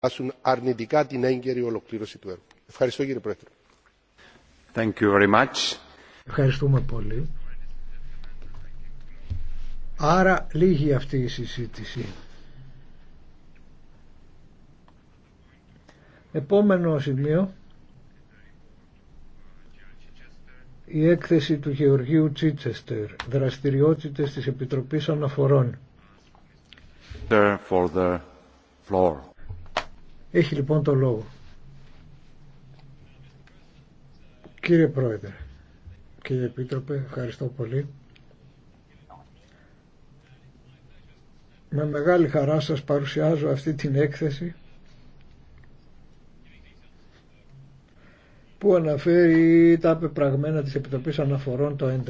επηρεάσουν αρνητικά την έγκαιρη ολοκλήρωση του έργου. Ευχαριστώ κύριε Πρόεδρε. Thank you very much. Ευχαριστούμε πολύ. Άρα λίγη αυτή η συζήτηση. Επόμενο σημείο η έκθεση του Γεωργίου Τσίτσεστερ δραστηριότητες της Επιτροπής Αναφορών. For the floor. Έχει λοιπόν το λόγο. Κύριε Πρόεδρε, κύριε Επίτροπε, ευχαριστώ πολύ. Με μεγάλη χαρά σας παρουσιάζω αυτή την έκθεση που αναφέρει τα πεπραγμένα της Επιτροπής Αναφορών το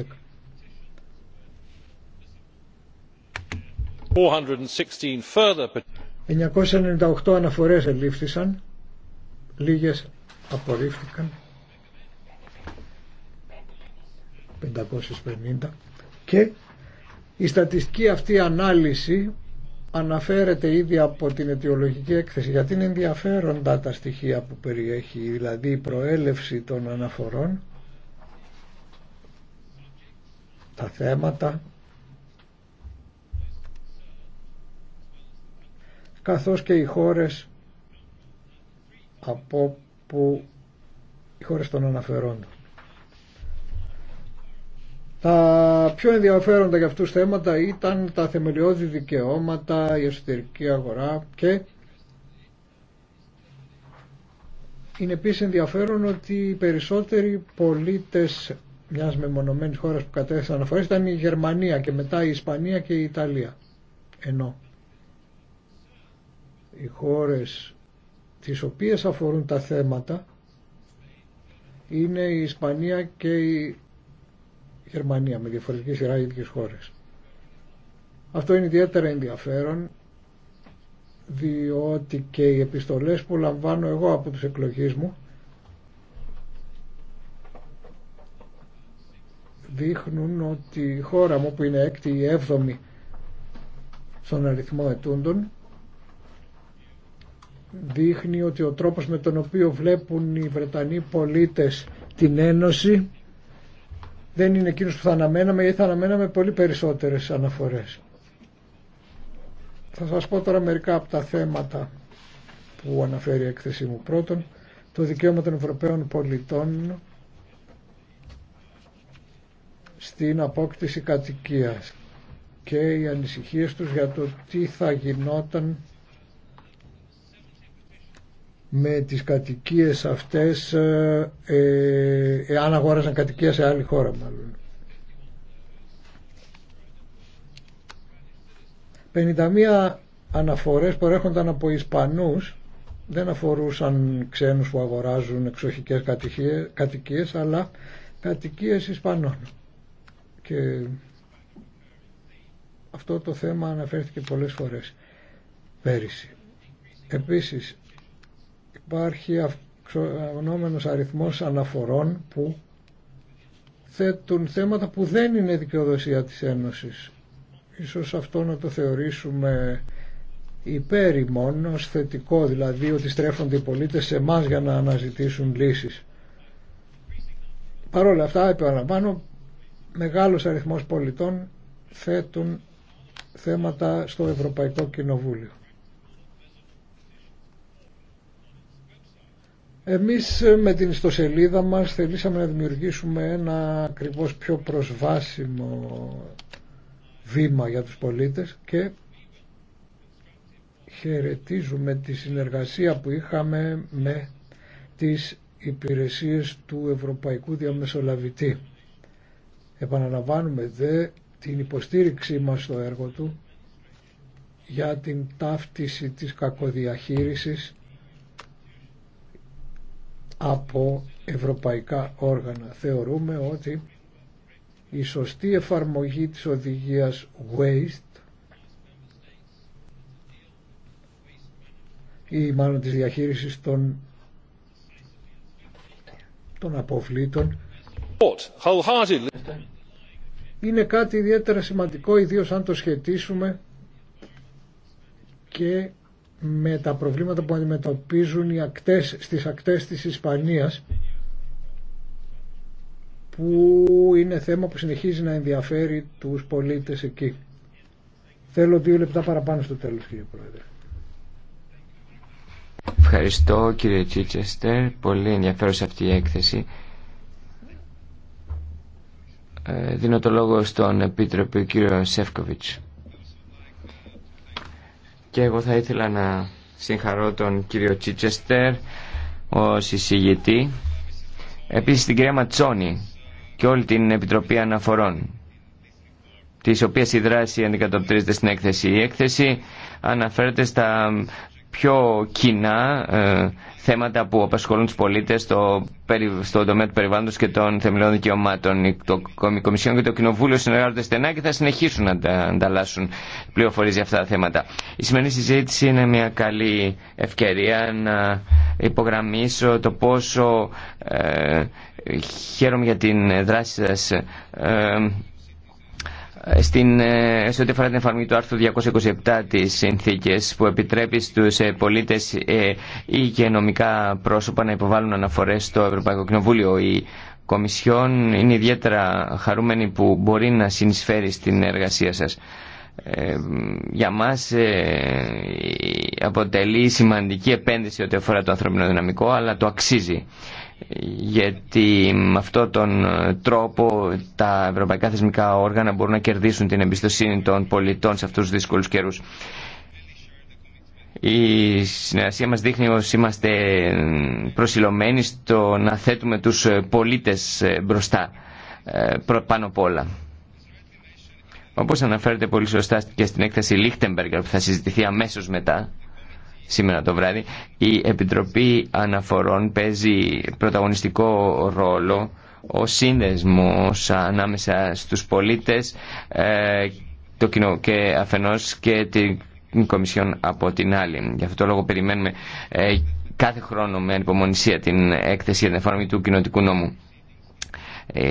11. 998 αναφορές ελήφθησαν, λίγες απορρίφθηκαν, 550 και η στατιστική αυτή ανάλυση αναφέρεται ήδη από την αιτιολογική έκθεση γιατί είναι ενδιαφέροντα τα στοιχεία που περιέχει δηλαδή η προέλευση των αναφορών τα θέματα καθώς και οι χώρες από που οι χώρες των αναφερόντων. Τα πιο ενδιαφέροντα για αυτούς θέματα ήταν τα θεμελιώδη δικαιώματα, η εσωτερική αγορά και είναι επίσης ενδιαφέρον ότι οι περισσότεροι πολίτες μιας μεμονωμένης χώρας που κατέθεσαν αναφορές ήταν η Γερμανία και μετά η Ισπανία και η Ιταλία. Ενώ οι χώρες τις οποίες αφορούν τα θέματα είναι η Ισπανία και η Γερμανία με διαφορετική σειρά χώρες. Αυτό είναι ιδιαίτερα ενδιαφέρον διότι και οι επιστολές που λαμβάνω εγώ από τους εκλογείς μου δείχνουν ότι η χώρα μου που είναι έκτη ή έβδομη στον αριθμό ετούντων δείχνει ότι ο τρόπος με τον οποίο βλέπουν οι Βρετανοί πολίτες την Ένωση δεν είναι εκείνος που θα αναμέναμε ή θα αναμέναμε πολύ περισσότερες αναφορές. Θα σας πω τώρα μερικά από τα θέματα που αναφέρει η έκθεσή μου. Πρώτον, το δικαίωμα των Ευρωπαίων πολιτών στην απόκτηση κατοικίας και οι ανησυχίες τους για το τι θα γινόταν με τις κατοικίες αυτές ε, ε, εάν αγόραζαν κατοικία σε άλλη χώρα μάλλον. 51 αναφορές έρχονταν από Ισπανούς δεν αφορούσαν ξένους που αγοράζουν εξοχικές κατοικίες, αλλά κατοικίες Ισπανών και αυτό το θέμα αναφέρθηκε πολλές φορές πέρυσι. Επίσης υπάρχει αυξανόμενος αριθμός αναφορών που θέτουν θέματα που δεν είναι δικαιοδοσία της Ένωσης. Ίσως αυτό να το θεωρήσουμε υπέρ ως θετικό δηλαδή ότι στρέφονται οι πολίτες σε εμά για να αναζητήσουν λύσεις. Παρ' όλα αυτά, επαναλαμβάνω, μεγάλος αριθμός πολιτών θέτουν θέματα στο Ευρωπαϊκό Κοινοβούλιο. Εμείς ε, με την ιστοσελίδα μας θελήσαμε να δημιουργήσουμε ένα ακριβώς πιο προσβάσιμο βήμα για τους πολίτες και χαιρετίζουμε τη συνεργασία που είχαμε με τις υπηρεσίες του Ευρωπαϊκού Διαμεσολαβητή. Επαναλαμβάνουμε δε την υποστήριξή μας στο έργο του για την ταύτιση της κακοδιαχείρισης από ευρωπαϊκά όργανα. Θεωρούμε ότι η σωστή εφαρμογή της οδηγίας waste ή μάλλον της διαχείρισης των, των αποβλήτων είναι κάτι ιδιαίτερα σημαντικό ιδίως αν το σχετίσουμε και με τα προβλήματα που αντιμετωπίζουν οι ακτές, στις ακτές της Ισπανίας που είναι θέμα που συνεχίζει να ενδιαφέρει τους πολίτες εκεί. Θέλω δύο λεπτά παραπάνω στο τέλος κύριε Πρόεδρε. Ευχαριστώ κύριε Τσίτσεστερ. Πολύ ενδιαφέρουσα αυτή η έκθεση. Ε, δίνω το λόγο στον Επίτροπο κύριο Σεύκοβιτς και εγώ θα ήθελα να συγχαρώ τον κύριο Τσίτσεστερ ως εισηγητή επίσης την κυρία Ματσόνη και όλη την Επιτροπή Αναφορών της οποία η δράση αντικατοπτρίζεται στην έκθεση. Η έκθεση αναφέρεται στα πιο κοινά ε, θέματα που απασχολούν τους πολίτες στο, στο τομέα του περιβάλλοντος και των θεμελιών δικαιωμάτων. Το Κομισιόν και το Κοινοβούλιο συνεργάζονται στενά και θα συνεχίσουν να τα, ανταλλάσσουν πληροφορίες για αυτά τα θέματα. Η σημερινή συζήτηση είναι μια καλή ευκαιρία να υπογραμμίσω το πόσο ε, χαίρομαι για την δράση σας ε, στην, ε, σε ό,τι αφορά την εφαρμογή του άρθρου 227 της συνθήκης που επιτρέπει στους ε, πολίτες ε, ή και νομικά πρόσωπα να υποβάλουν αναφορές στο Ευρωπαϊκό Κοινοβούλιο. Η Κομισιόν είναι ιδιαίτερα χαρούμενη που μπορεί να συνεισφέρει στην εργασία σας. για μας αποτελεί σημαντική επένδυση ό,τι αφορά το ανθρώπινο δυναμικό, αλλά το αξίζει γιατί με αυτόν τον τρόπο τα ευρωπαϊκά θεσμικά όργανα μπορούν να κερδίσουν την εμπιστοσύνη των πολιτών σε αυτούς τους δύσκολους καιρούς. Η συνεργασία μας δείχνει ότι είμαστε προσιλωμένοι στο να θέτουμε τους πολίτες μπροστά ε, πάνω απ' όλα. Όπως αναφέρεται πολύ σωστά και στην έκθεση Λίχτεμπεργκ που θα συζητηθεί αμέσως μετά, σήμερα το βράδυ, η Επιτροπή Αναφορών παίζει πρωταγωνιστικό ρόλο ο σύνδεσμος ανάμεσα στους πολίτες ε, το κοινό και αφενός και την Κομισιόν από την άλλη. Γι' αυτό το λόγο περιμένουμε ε, κάθε χρόνο με ανυπομονησία την έκθεση για την εφαρμογή του κοινοτικού νόμου. Ε,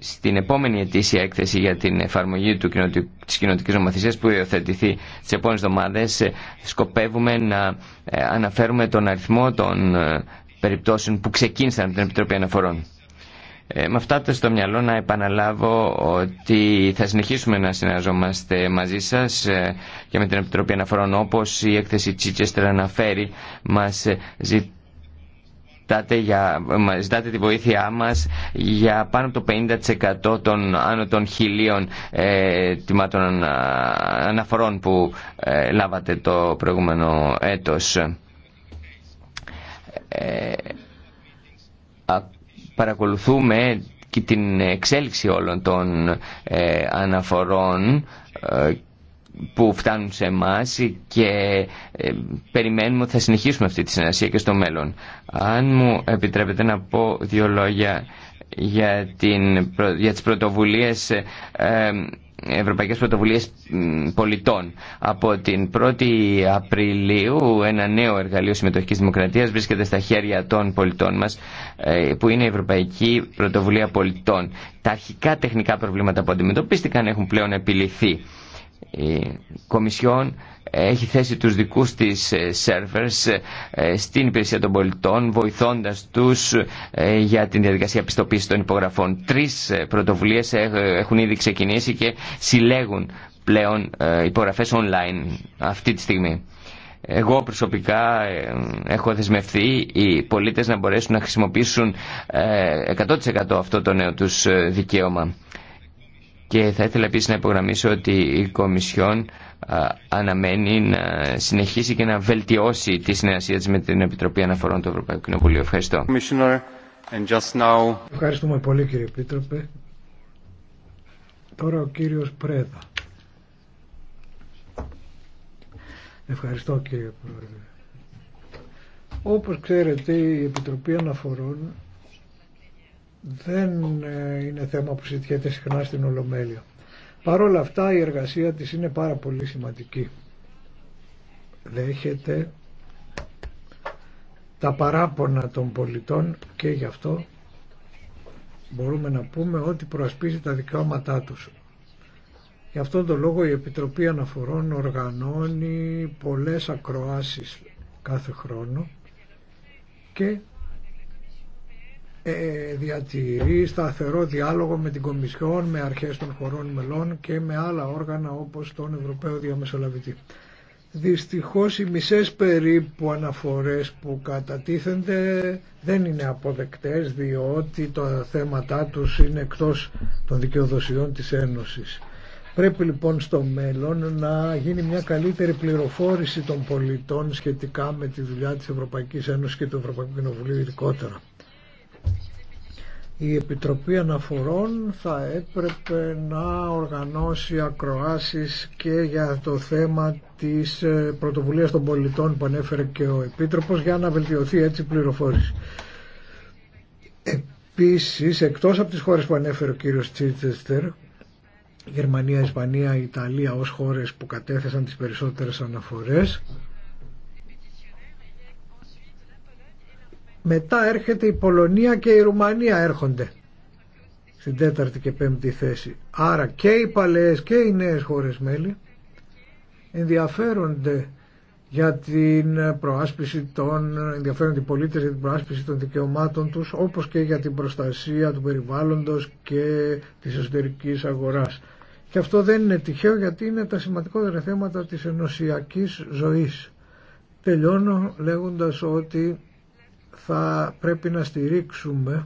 στην επόμενη ετήσια έκθεση για την εφαρμογή του της κοινωτικής νομοθεσίας που υιοθετηθεί τις επόμενες εβδομάδες ε, σκοπεύουμε να ε, αναφέρουμε τον αριθμό των ε, περιπτώσεων που ξεκίνησαν από την Επιτροπή Αναφορών. με αυτά τα στο μυαλό να επαναλάβω ότι θα συνεχίσουμε να συνεργαζόμαστε μαζί σας και με την Επιτροπή Αναφορών όπως η έκθεση Τσίτσεστερ αναφέρει μας ζητάτε, για, ζητάτε τη βοήθειά μας για πάνω από το 50% των άνω των χιλίων ε, τιμάτων αναφορών που ε, λάβατε το προηγούμενο έτος. Ε, α, παρακολουθούμε και την εξέλιξη όλων των ε, αναφορών που φτάνουν σε εμά και ε, περιμένουμε ότι θα συνεχίσουμε αυτή τη συνεργασία και στο μέλλον. Αν μου επιτρέπετε να πω δύο λόγια για, την, για τις πρωτοβουλίες ε, ε, Ευρωπαϊκές Πρωτοβουλίες Πολιτών. Από την 1η Απριλίου ένα νέο εργαλείο συμμετοχικής δημοκρατίας βρίσκεται στα χέρια των πολιτών μας που είναι η Ευρωπαϊκή Πρωτοβουλία Πολιτών. Τα αρχικά τεχνικά προβλήματα που αντιμετωπίστηκαν έχουν πλέον επιληθεί η Κομισιόν έχει θέσει τους δικούς της σερβερς στην υπηρεσία των πολιτών βοηθώντας τους ε, για την διαδικασία πιστοποίησης των υπογραφών. Τρεις ε, πρωτοβουλίες ε, έχουν ήδη ξεκινήσει και συλλέγουν πλέον υπογραφές online αυτή τη στιγμή. Εγώ προσωπικά έχω δεσμευθεί οι πολίτες να μπορέσουν να χρησιμοποιήσουν 100% αυτό το νέο τους δικαίωμα. Και θα ήθελα επίση να υπογραμμίσω ότι η Κομισιόν αναμένει να συνεχίσει και να βελτιώσει τη συνεργασία της με την Επιτροπή Αναφορών του Ευρωπαϊκού Κοινοβουλίου. Ευχαριστώ. Ευχαριστούμε πολύ κύριε Επίτροπε. Τώρα ο κύριος Πρέδα. Ευχαριστώ κύριε Πρόεδρε. Όπως ξέρετε η Επιτροπή Αναφορών δεν ε, είναι θέμα που συζητιέται συχνά στην Ολομέλεια. Παρ' όλα αυτά η εργασία της είναι πάρα πολύ σημαντική. Δέχεται τα παράπονα των πολιτών και γι' αυτό μπορούμε να πούμε ότι προασπίζει τα δικαιώματά τους. Γι' αυτόν τον λόγο η Επιτροπή Αναφορών οργανώνει πολλές ακροάσεις κάθε χρόνο και ε, διατηρεί σταθερό διάλογο με την Κομισιόν, με αρχές των χωρών μελών και με άλλα όργανα όπως τον Ευρωπαίο Διαμεσολαβητή. Δυστυχώς οι μισές περίπου αναφορές που κατατίθενται δεν είναι αποδεκτές διότι τα θέματά τους είναι εκτός των δικαιοδοσιών της Ένωσης. Πρέπει λοιπόν στο μέλλον να γίνει μια καλύτερη πληροφόρηση των πολιτών σχετικά με τη δουλειά της Ευρωπαϊκής Ένωσης και του Ευρωπαϊκού Κοινοβουλίου ειδικότερα η Επιτροπή Αναφορών θα έπρεπε να οργανώσει ακροάσεις και για το θέμα της ε, πρωτοβουλίας των πολιτών που ανέφερε και ο Επίτροπος για να βελτιωθεί έτσι η πληροφόρηση. Επίσης, εκτός από τις χώρες που ανέφερε ο κύριος Τσίτσεστερ, Γερμανία, Ισπανία, Ιταλία ως χώρες που κατέθεσαν τις περισσότερες αναφορές, Μετά έρχεται η Πολωνία και η Ρουμανία έρχονται στην τέταρτη και πέμπτη θέση. Άρα και οι παλαιές και οι νέες χώρες μέλη ενδιαφέρονται για την προάσπιση των ενδιαφέρονται οι πολίτες για την προάσπιση των δικαιωμάτων τους όπως και για την προστασία του περιβάλλοντος και της εσωτερικής αγοράς. Και αυτό δεν είναι τυχαίο γιατί είναι τα σημαντικότερα θέματα της ενωσιακής ζωής. Τελειώνω λέγοντας ότι θα πρέπει να στηρίξουμε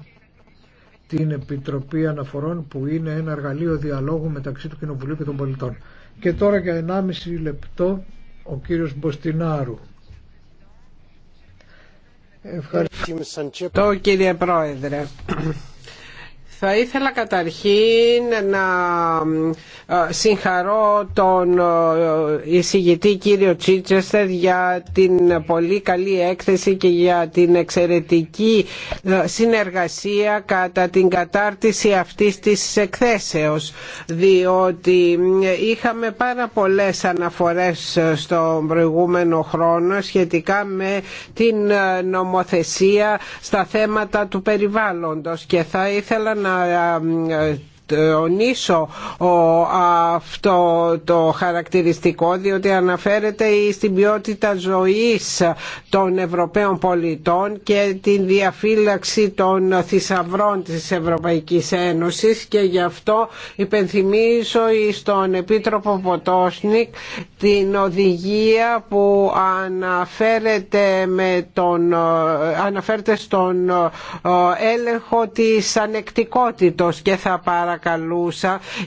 την Επιτροπή Αναφορών που είναι ένα εργαλείο διαλόγου μεταξύ του Κοινοβουλίου και των πολιτών. Και τώρα για 1,5 λεπτό ο κύριος Μποστινάρου. Ευχαριστώ κύριε Πρόεδρε. Θα ήθελα καταρχήν να ε, συγχαρώ τον ε, εισηγητή κύριο Τσίτσεστερ για την πολύ καλή έκθεση και για την εξαιρετική ε, συνεργασία κατά την κατάρτιση αυτής της εκθέσεως διότι είχαμε πάρα πολλές αναφορές στον προηγούμενο χρόνο σχετικά με την νομοθεσία στα θέματα του περιβάλλοντος και θα ήθελα να να τονίσω αυτό το χαρακτηριστικό διότι αναφέρεται στην ποιότητα ζωής των Ευρωπαίων πολιτών και την διαφύλαξη των θησαυρών της Ευρωπαϊκής Ένωσης και γι' αυτό υπενθυμίζω στον Επίτροπο Ποτόσνικ την οδηγία που αναφέρεται, με τον, στον ε, έλεγχο της ανεκτικότητος και θα παρακολουθήσω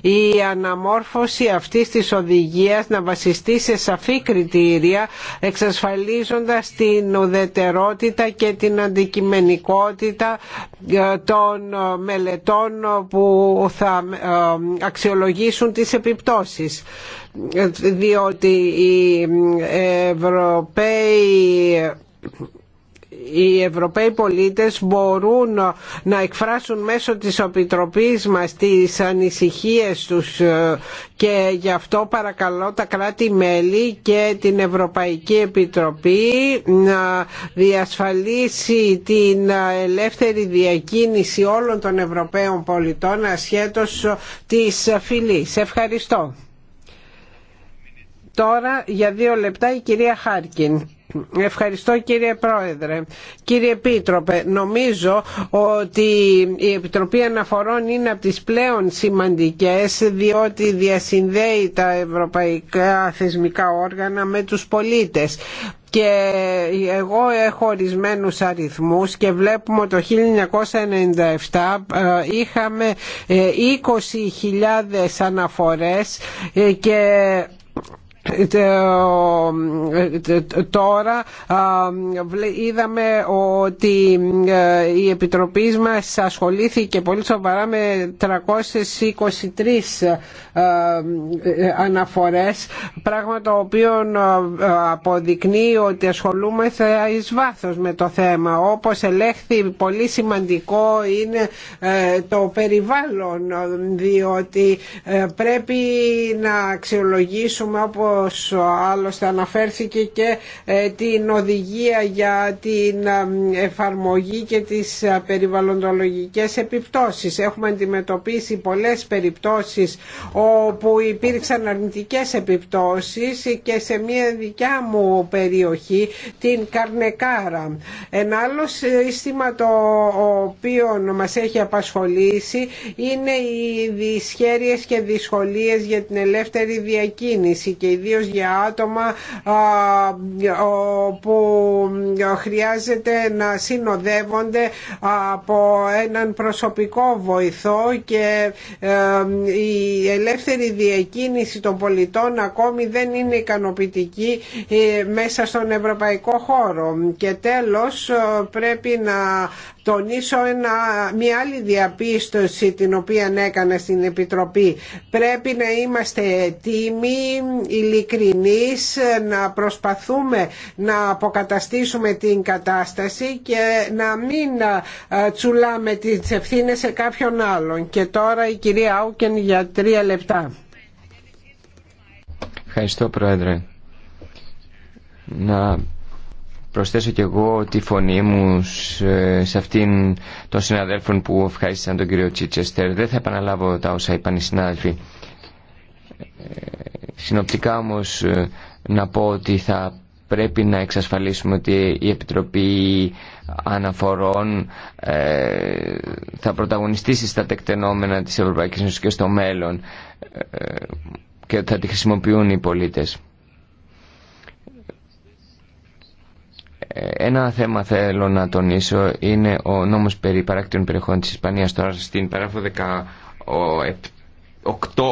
η αναμόρφωση αυτής της οδηγίας να βασιστεί σε σαφή κριτήρια εξασφαλίζοντας την ουδετερότητα και την αντικειμενικότητα ε, των ε, μελετών που θα ε, αξιολογήσουν τις επιπτώσεις διότι οι Ευρωπαίοι οι Ευρωπαίοι πολίτες μπορούν να εκφράσουν μέσω της Επιτροπής μας τις ανησυχίες τους ε, και γι' αυτό παρακαλώ τα κράτη-μέλη και την Ευρωπαϊκή Επιτροπή να διασφαλίσει την ελεύθερη διακίνηση όλων των Ευρωπαίων πολιτών ασχέτως της φυλής. Ευχαριστώ. Τώρα για δύο λεπτά η κυρία Χάρκιν. Ευχαριστώ κύριε Πρόεδρε. Κύριε Επίτροπε, νομίζω ότι η Επιτροπή Αναφορών είναι από τις πλέον σημαντικές διότι διασυνδέει τα ευρωπαϊκά θεσμικά όργανα με τους πολίτες και εγώ έχω ορισμένου αριθμούς και βλέπουμε το 1997 ε, είχαμε 20.000 ε, αναφορές ε, και ε, ε, ε, τώρα είδαμε ότι η Επιτροπή μας ασχολήθηκε πολύ σοβαρά με 323 αναφορές πράγμα το οποίο αποδεικνύει ότι ασχολούμαστε εις βάθος με το θέμα όπως ελέγχθη πολύ σημαντικό είναι το περιβάλλον διότι πρέπει να αξιολογήσουμε όπως άλλωστε αναφέρθηκε και ε, την οδηγία για την ε, εφαρμογή και τις ε, περιβαλλοντολογικές επιπτώσεις. Έχουμε αντιμετωπίσει πολλές περιπτώσεις όπου υπήρξαν αρνητικές επιπτώσεις και σε μια δικιά μου περιοχή την Καρνεκάρα. Ένα άλλο σύστημα το οποίο μας έχει απασχολήσει είναι οι δυσχέρειες και δυσκολίες για την ελεύθερη διακίνηση ιδίω για άτομα που χρειάζεται να συνοδεύονται από έναν προσωπικό βοηθό και ε, η ελεύθερη διακίνηση των πολιτών ακόμη δεν είναι ικανοποιητική ε, μέσα στον ευρωπαϊκό χώρο. Και τέλος ε, πρέπει να τονίσω ένα, μια άλλη διαπίστωση την οποία έκανα στην Επιτροπή. Πρέπει να είμαστε έτοιμοι, ειλικρινείς, να προσπαθούμε να αποκαταστήσουμε την κατάσταση και να μην ε, τσουλάμε τις ευθύνε σε κάποιον άλλον. Και τώρα η κυρία Άουκεν για τρία λεπτά. Ευχαριστώ Πρόεδρε. Να προσθέσω και εγώ τη φωνή μου σε αυτήν των συναδέλφων που ευχαρίστησαν τον κύριο Τσίτσεστερ. Δεν θα επαναλάβω τα όσα είπαν οι συνάδελφοι. Ε, συνοπτικά όμως ε, να πω ότι θα πρέπει να εξασφαλίσουμε ότι η Επιτροπή Αναφορών ε, θα πρωταγωνιστήσει στα τεκτενόμενα της Ευρωπαϊκής Ένωσης και στο μέλλον και θα τη χρησιμοποιούν οι πολίτες. Ένα θέμα θέλω να τονίσω είναι ο νόμος περί παράκτηων περιοχών της Ισπανίας. Τώρα στην παράγραφο 18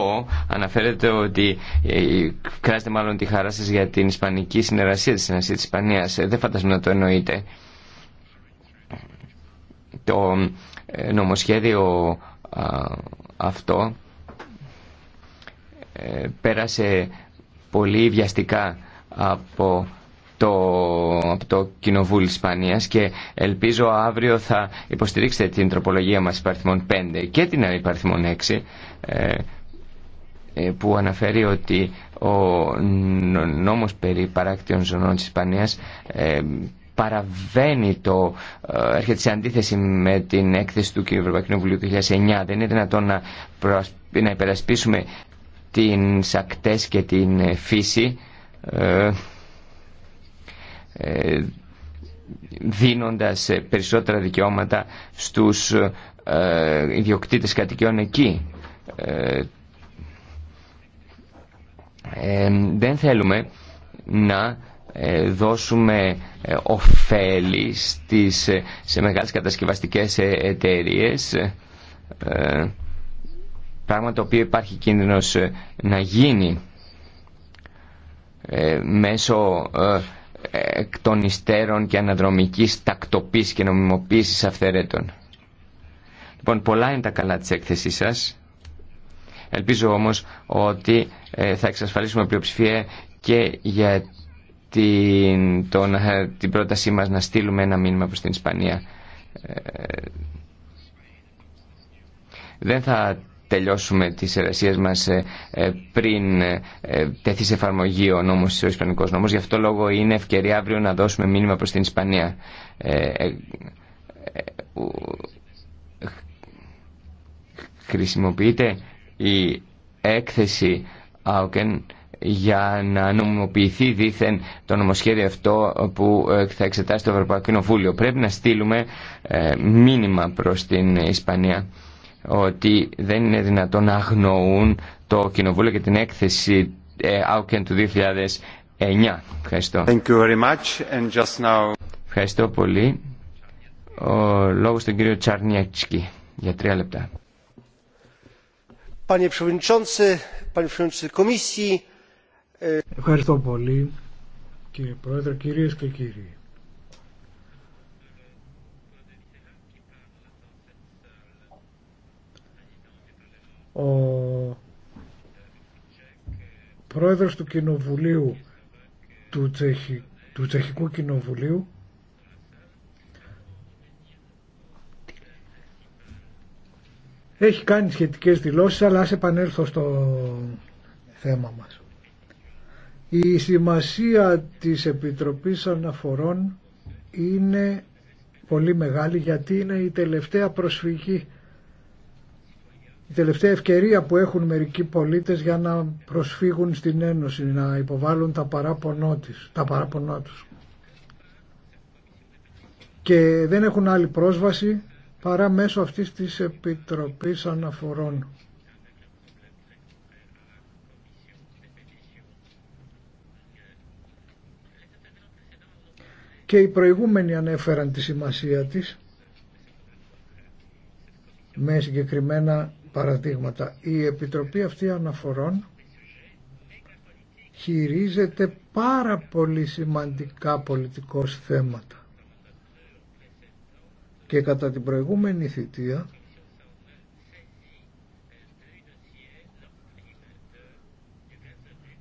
αναφέρεται ότι ε, κράζετε μάλλον τη χαρά σας για την ισπανική συνεργασία της συνεργασίας της Ισπανίας. Ε, δεν φαντάζομαι να το εννοείτε. Το ε, νομοσχέδιο αυτό πέρασε πολύ βιαστικά από το, από το Κοινοβούλιο Ισπανίας και ελπίζω αύριο θα υποστηρίξετε την τροπολογία μας υπαρθμών 5 και την υπαρθμών 6 ε, ε, που αναφέρει ότι ο νόμος περί παράκτιων ζωνών της Ισπανίας ε, παραβαίνει το, έρχεται σε αντίθεση με την έκθεση του Ευρωπαϊκού Κοινοβουλίου του 2009. Δεν είναι δυνατόν να, να υπερασπίσουμε τις ακτές και την φύση ε, δίνοντας περισσότερα δικαιώματα στους ε, ιδιοκτήτες κατοικιών εκεί. Ε, δεν θέλουμε να δώσουμε ωφέλη στις, σε μεγάλες κατασκευαστικές εταιρείες πράγμα το οποίο υπάρχει κίνδυνος να γίνει μέσω εκ των υστέρων και αναδρομικής τακτοποίησης και νομιμοποίησης αυθαιρέτων. Λοιπόν, πολλά είναι τα καλά της έκθεσής σας. Ελπίζω όμως ότι ε, θα εξασφαλίσουμε πλειοψηφία και για την, τον, ε, την πρότασή μας να στείλουμε ένα μήνυμα προς την Ισπανία. Ε, δεν θα τελειώσουμε τι εργασίε μα ε, ε, πριν ε, τεθεί σε εφαρμογή ο νόμος, ο ισπανικό νόμο. Γι' αυτό λόγο είναι ευκαιρία αύριο να δώσουμε μήνυμα προ την Ισπανία. Χρησιμοποιείται η έκθεση Αουκεν για να νομιμοποιηθεί δήθεν το νομοσχέδιο αυτό που θα εξετάσει το Ευρωπαϊκό Κοινοβούλιο. Πρέπει να στείλουμε μήνυμα προς την Ισπανία ότι δεν είναι δυνατόν να αγνοούν το Κοινοβούλιο και την έκθεση Άουκεν ε, του 2009. Ευχαριστώ. Thank you very much. And just now... Ευχαριστώ πολύ. Ο λόγος στον κύριο Τσαρνιέτσικη για τρία λεπτά. Ε- Ευχαριστώ πολύ κύριε Πρόεδρε, κυρίες και κύριοι. Ο πρόεδρος του Κοινοβουλίου του, του Τσεχικού Κοινοβουλίου έχει κάνει σχετικές δηλώσεις αλλά ας επανέλθω στο θέμα μας. Η σημασία της Επιτροπής Αναφορών είναι πολύ μεγάλη γιατί είναι η τελευταία προσφυγή η τελευταία ευκαιρία που έχουν μερικοί πολίτες για να προσφύγουν στην Ένωση, να υποβάλουν τα, παράπονό τα παράπονά τους. Και δεν έχουν άλλη πρόσβαση παρά μέσω αυτής της Επιτροπής Αναφορών. Και οι προηγούμενοι ανέφεραν τη σημασία της με συγκεκριμένα παραδείγματα. Η Επιτροπή αυτή αναφορών χειρίζεται πάρα πολύ σημαντικά πολιτικός θέματα. Και κατά την προηγούμενη θητεία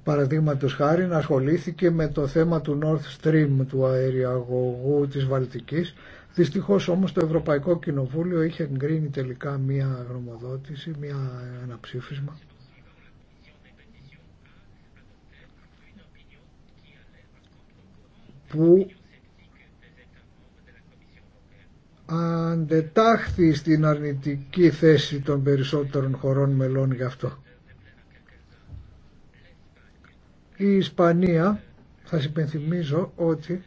Παραδείγματο χάρη ασχολήθηκε με το θέμα του North Stream του αεριαγωγού της Βαλτικής Δυστυχώς όμως το Ευρωπαϊκό Κοινοβούλιο είχε εγκρίνει τελικά μία γνωμοδότηση, μία, αναψήφισμα που αντετάχθη στην αρνητική θέση των περισσότερων χωρών μελών γι' αυτό. Η Ισπανία, θα συμπενθυμίζω ότι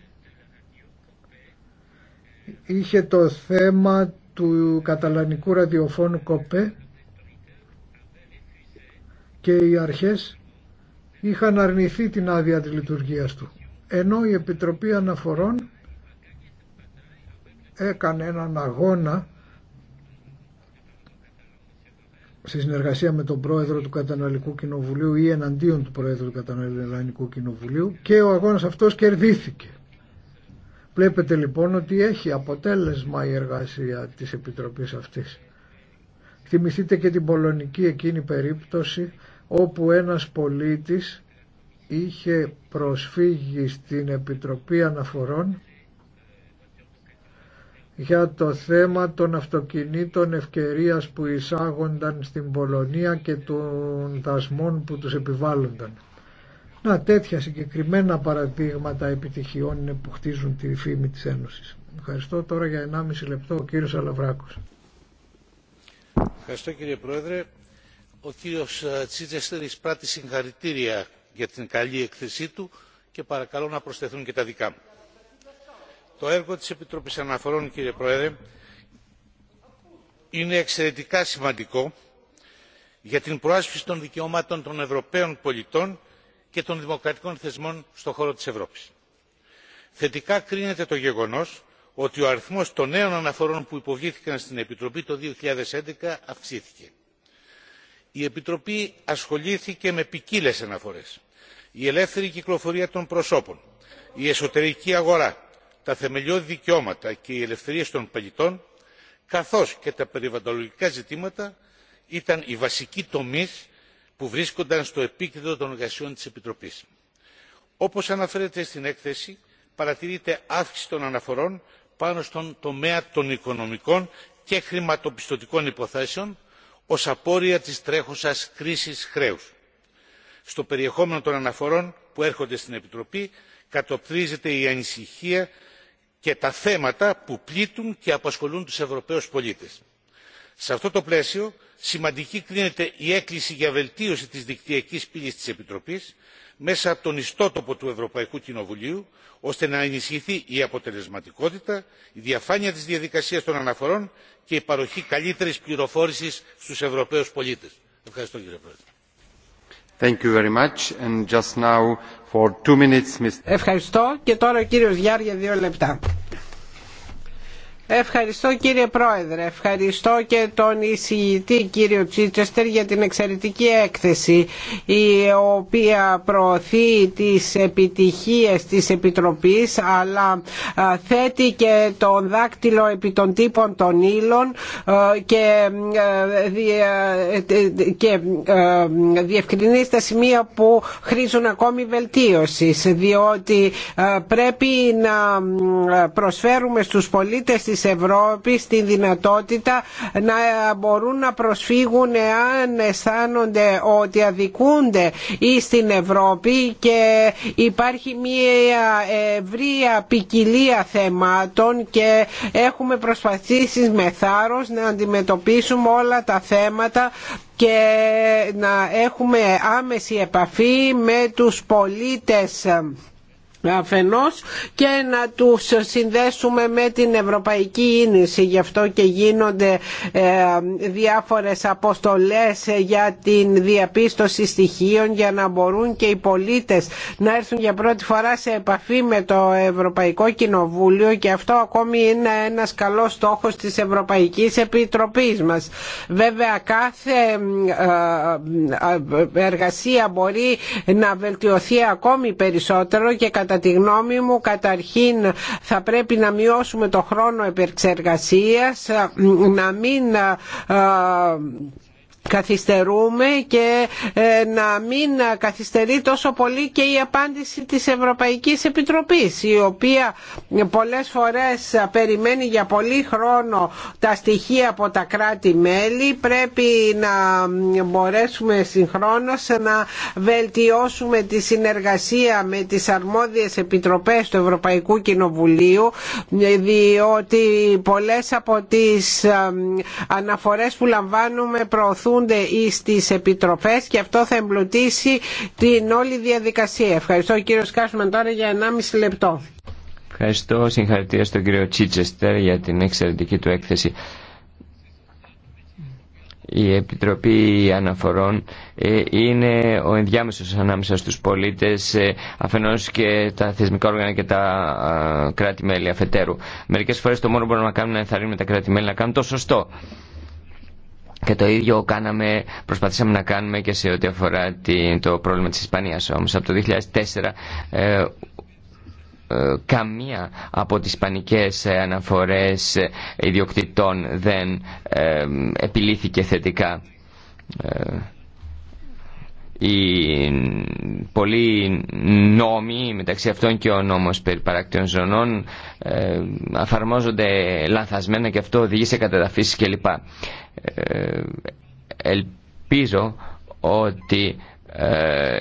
είχε το θέμα του καταλανικού ραδιοφώνου ΚΟΠΕ και οι αρχές είχαν αρνηθεί την άδεια της λειτουργίας του. Ενώ η Επιτροπή Αναφορών έκανε έναν αγώνα σε συνεργασία με τον πρόεδρο του Καταναλικού Κοινοβουλίου ή εναντίον του πρόεδρου του Καταναλικού Κοινοβουλίου και ο αγώνας αυτός κερδίθηκε. Βλέπετε λοιπόν ότι έχει αποτέλεσμα η εργασία της Επιτροπής αυτής. Θυμηθείτε και την πολωνική εκείνη περίπτωση όπου ένας πολίτης είχε προσφύγει στην Επιτροπή Αναφορών για το θέμα των αυτοκινήτων ευκαιρίας που εισάγονταν στην Πολωνία και των δασμών που τους επιβάλλονταν. Να, τέτοια συγκεκριμένα παραδείγματα επιτυχιών είναι που χτίζουν τη φήμη της Ένωσης. Ευχαριστώ τώρα για 1,5 λεπτό ο κύριος Αλαβράκος. Ευχαριστώ κύριε Πρόεδρε. Ο κύριος ε, Τσίτσεστερ εισπράττει συγχαρητήρια για την καλή εκθεσή του και παρακαλώ να προσθεθούν και τα δικά μου. Το έργο της Επιτροπής Αναφορών, κύριε Πρόεδρε, είναι εξαιρετικά σημαντικό για την προάσπιση των δικαιωμάτων των Ευρωπαίων πολιτών και των δημοκρατικών θεσμών στον χώρο της Ευρώπης. Θετικά κρίνεται το γεγονός ότι ο αριθμός των νέων αναφορών που υποβλήθηκαν στην Επιτροπή το 2011 αυξήθηκε. Η Επιτροπή ασχολήθηκε με ποικίλε αναφορές. Η ελεύθερη κυκλοφορία των προσώπων, η εσωτερική αγορά, τα θεμελιώδη δικαιώματα και οι ελευθερίες των πολιτών, καθώς και τα περιβαλλοντολογικά ζητήματα ήταν οι βασικοί τομείς που βρίσκονταν στο επίκεντρο των εργασιών της Επιτροπής. Όπως αναφέρεται στην έκθεση, παρατηρείται αύξηση των αναφορών πάνω στον τομέα των οικονομικών και χρηματοπιστωτικών υποθέσεων ως απόρρια της τρέχουσας κρίσης χρέους. Στο περιεχόμενο των αναφορών που έρχονται στην Επιτροπή κατοπτρίζεται η ανησυχία και τα θέματα που πλήττουν και απασχολούν τους Ευρωπαίους πολίτες. Σε αυτό το πλαίσιο σημαντική κρίνεται η έκκληση για βελτίωση της δικτυακής πύλης της επιτροπής μέσα από τον ιστότοπο του ευρωπαϊκού κοινοβουλίου ώστε να ενισχυθεί η αποτελεσματικότητα η διαφάνεια της διαδικασίας των αναφορών και η παροχή καλύτερης πληροφόρησης στους ευρωπαίους πολίτες. Ευχαριστώ κύριε Πρόεδρε. Thank you very much. And just now for minutes, Mr. Ευχαριστώ και τώρα ο κύριος Γιάρ για δύο λεπτά. Ευχαριστώ κύριε Πρόεδρε, ευχαριστώ και τον εισηγητή κύριο Τσίτσεστερ για την εξαιρετική έκθεση η οποία προωθεί τις επιτυχίες της Επιτροπής αλλά θέτει και τον δάκτυλο επί των τύπων των ύλων και, και διευκρινεί τα σημεία που χρήζουν ακόμη βελτίωσης διότι πρέπει να προσφέρουμε στους πολίτες της Ευρώπης τη δυνατότητα να μπορούν να προσφύγουν εάν αισθάνονται ότι αδικούνται ή στην Ευρώπη και υπάρχει μια ευρία ποικιλία θεμάτων και έχουμε προσπαθήσει με θάρρος να αντιμετωπίσουμε όλα τα θέματα και να έχουμε άμεση επαφή με τους πολίτες αφενός και να τους συνδέσουμε με την Ευρωπαϊκή Ίνηση. Γι' αυτό και γίνονται ε, διάφορες αποστολές για την διαπίστωση στοιχείων για να μπορούν και οι πολίτες να έρθουν για πρώτη φορά σε επαφή με το Ευρωπαϊκό Κοινοβούλιο και αυτό ακόμη είναι ένας καλός στόχος της Ευρωπαϊκής Επιτροπής μας. Βέβαια κάθε ε, ε, εργασία μπορεί να βελτιωθεί ακόμη περισσότερο και κατά τη γνώμη μου καταρχήν θα πρέπει να μειώσουμε το χρόνο επεξεργασίας, να μην ε, καθυστερούμε και ε, να μην καθυστερεί τόσο πολύ και η απάντηση της Ευρωπαϊκής Επιτροπής η οποία πολλές φορές περιμένει για πολύ χρόνο τα στοιχεία από τα κράτη-μέλη πρέπει να μπορέσουμε συγχρόνως να βελτιώσουμε τη συνεργασία με τις αρμόδιες επιτροπές του Ευρωπαϊκού Κοινοβουλίου διότι πολλές από τις ε, αναφορές που λαμβάνουμε προωθούν συζητούνται στις επιτροφές και αυτό θα εμπλουτίσει την όλη διαδικασία. Ευχαριστώ κύριο Κάσμαν τώρα για 1,5 λεπτό. Ευχαριστώ συγχαρητήρια στον κύριο Τσίτσεστερ για την εξαιρετική του έκθεση. Η Επιτροπή Αναφορών ε, είναι ο ενδιάμεσος ανάμεσα στους πολίτες ε, αφενός και τα θεσμικά όργανα και τα κράτη-μέλη αφετέρου. Μερικές φορές το μόνο που μπορούμε να κάνουμε είναι να ενθαρρύνουμε τα κράτη-μέλη να κάνουν το σωστό. Και το ίδιο κάναμε, προσπαθήσαμε να κάνουμε και σε ό,τι αφορά το πρόβλημα της Ισπανίας. Όμως από το 2004 ε, ε, καμία από τις ισπανικές ε, αναφορές ε, ιδιοκτητών δεν επιλήθηκε θετικά οι πολλοί νόμοι μεταξύ αυτών και ο νόμος περί παρακτήρων ζωνών ε, αφαρμόζονται λανθασμένα και αυτό οδηγεί σε καταδαφίσεις κλπ. Ε, ελπίζω ότι ε,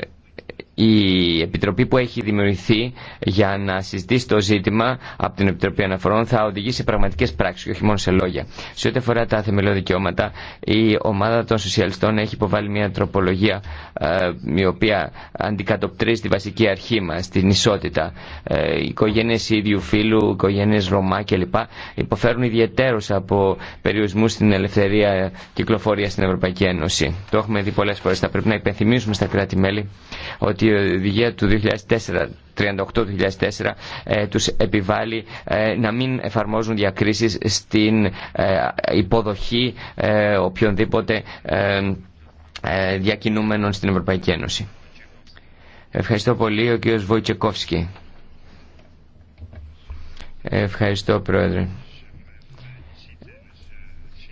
η επιτροπή που έχει δημιουργηθεί για να συζητήσει το ζήτημα από την Επιτροπή Αναφορών θα οδηγήσει σε πραγματικές πράξεις και όχι μόνο σε λόγια. Σε ό,τι αφορά τα θεμελιώδη δικαιώματα, η ομάδα των σοσιαλιστών έχει υποβάλει μια τροπολογία ε, η οποία αντικατοπτρίζει τη βασική αρχή μας, την ισότητα. Ε, οι οικογένειες ίδιου φύλου, οι οικογένειες Ρωμά κλπ. υποφέρουν ιδιαίτερως από περιορισμού στην ελευθερία κυκλοφορία στην Ευρωπαϊκή Ένωση. Το έχουμε δει πολλές φορές. Θα πρέπει να υπενθυμίσουμε στα κράτη-μέλη ότι η οδηγία του 2004 38-2004 ε, τους επιβάλλει ε, να μην εφαρμόζουν διακρίσεις στην ε, υποδοχή ε, οποιονδήποτε διακινούμενων στην Ευρωπαϊκή Ένωση. Ευχαριστώ πολύ ο κύριος Βοητσεκόφσκι. Ευχαριστώ πρόεδρε.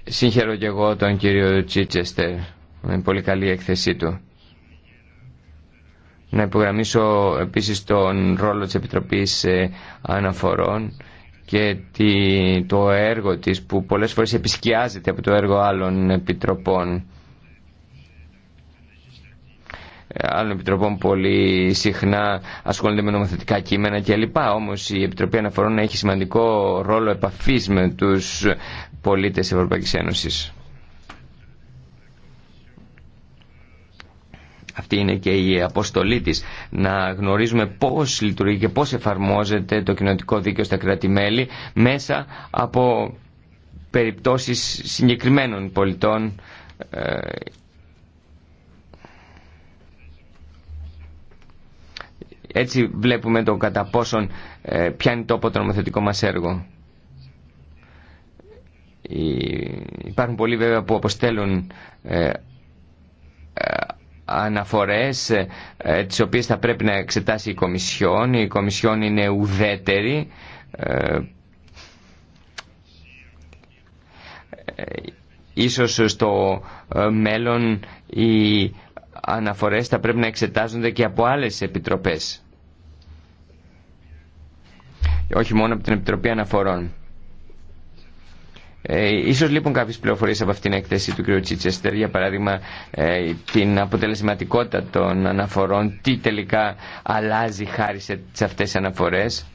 Συγχαίρω και εγώ τον κύριο Τσίτσεστερ με πολύ καλή έκθεσή του. Να υπογραμμίσω επίσης τον ρόλο της Επιτροπής ε, Αναφορών και το έργο της που πολλές φορές επισκιάζεται από το έργο άλλων επιτροπών άλλων επιτροπών πολύ συχνά ασχολούνται με νομοθετικά κείμενα κλπ. Όμως η Επιτροπή Αναφορών έχει σημαντικό ρόλο επαφής με τους πολίτες Ευρωπαϊκής Ένωσης. Αυτή είναι και η αποστολή της, να γνωρίζουμε πώς λειτουργεί και πώς εφαρμόζεται το κοινωνικό δίκαιο στα κράτη-μέλη μέσα από περιπτώσεις συγκεκριμένων πολιτών ε, έτσι βλέπουμε το κατά πόσον ε, πιάνει τόπο το νομοθετικό μας έργο. Ε, υπάρχουν πολλοί βέβαια που αποστέλουν αναφορές ε, ε, τις οποίες θα πρέπει να εξετάσει η Κομισιόν. Η Κομισιόν είναι ουδέτερη. Ε, ε ίσως στο ε, μέλλον οι αναφορές θα πρέπει να εξετάζονται και από άλλες επιτροπές. Όχι μόνο από την Επιτροπή Αναφορών. Ε, ίσως λείπουν κάποιες πληροφορίες από αυτήν την έκθεση του κ. Τσίτσεστερ, για παράδειγμα ε, την αποτελεσματικότητα των αναφορών, τι τελικά αλλάζει χάρη σε, σε αυτές τις αναφορές.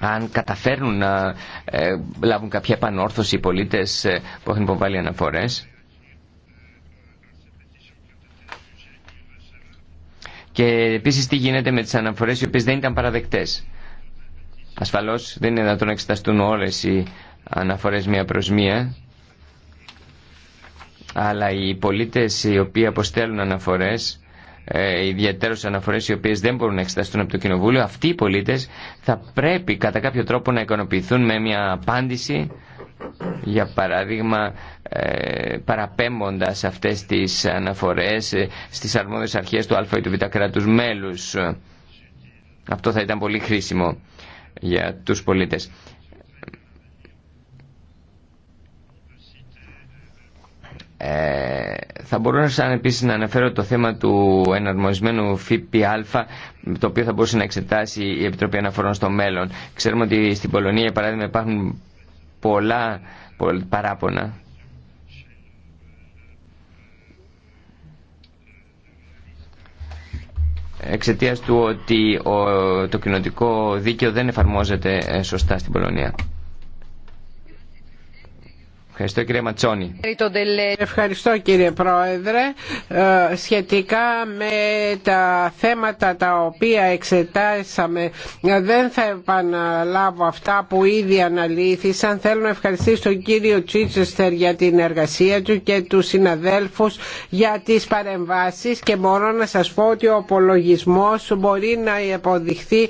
Αν καταφέρνουν να ε, λάβουν κάποια επανόρθωση οι πολίτες ε, που έχουν υποβάλει αναφορές. Και επίσης τι γίνεται με τις αναφορές οι οποίες δεν ήταν παραδεκτές. Ασφαλώς δεν είναι δυνατόν να εξεταστούν όλες οι αναφορές μία προς μία, αλλά οι πολίτες οι οποίοι αποστέλουν αναφορές, ε, ιδιαίτερω αναφορές οι οποίες δεν μπορούν να εξεταστούν από το Κοινοβούλιο, αυτοί οι πολίτες θα πρέπει κατά κάποιο τρόπο να ικανοποιηθούν με μια απάντηση, για παράδειγμα ε, παραπέμποντας αυτές τις αναφορές ε, στις αρμόδιες αρχές του Α ή του Β κράτους μέλους. Αυτό θα ήταν πολύ χρήσιμο για τους πολίτες. Ε, θα μπορούσα επίσης να αναφέρω το θέμα του εναρμονισμένου ΦΠΑ το οποίο θα μπορούσε να εξετάσει η Επιτροπή Αναφορών στο μέλλον. Ξέρουμε ότι στην Πολωνία παράδειγμα υπάρχουν πολλά παράπονα εξαιτία του ότι το κοινοτικό δίκαιο δεν εφαρμόζεται ε, σωστά στην Πολωνία. Ευχαριστώ κύριε Ματσόνη. Ευχαριστώ κύριε Πρόεδρε. Ε, σχετικά με τα θέματα τα οποία εξετάσαμε ε, δεν θα επαναλάβω αυτά που ήδη αναλύθησαν. Θέλω να ευχαριστήσω τον κύριο Τσίτσεστερ για την εργασία του και τους συναδέλφους για τις παρεμβάσεις και μπορώ να σας πω ότι ο απολογισμός μπορεί να αποδειχθεί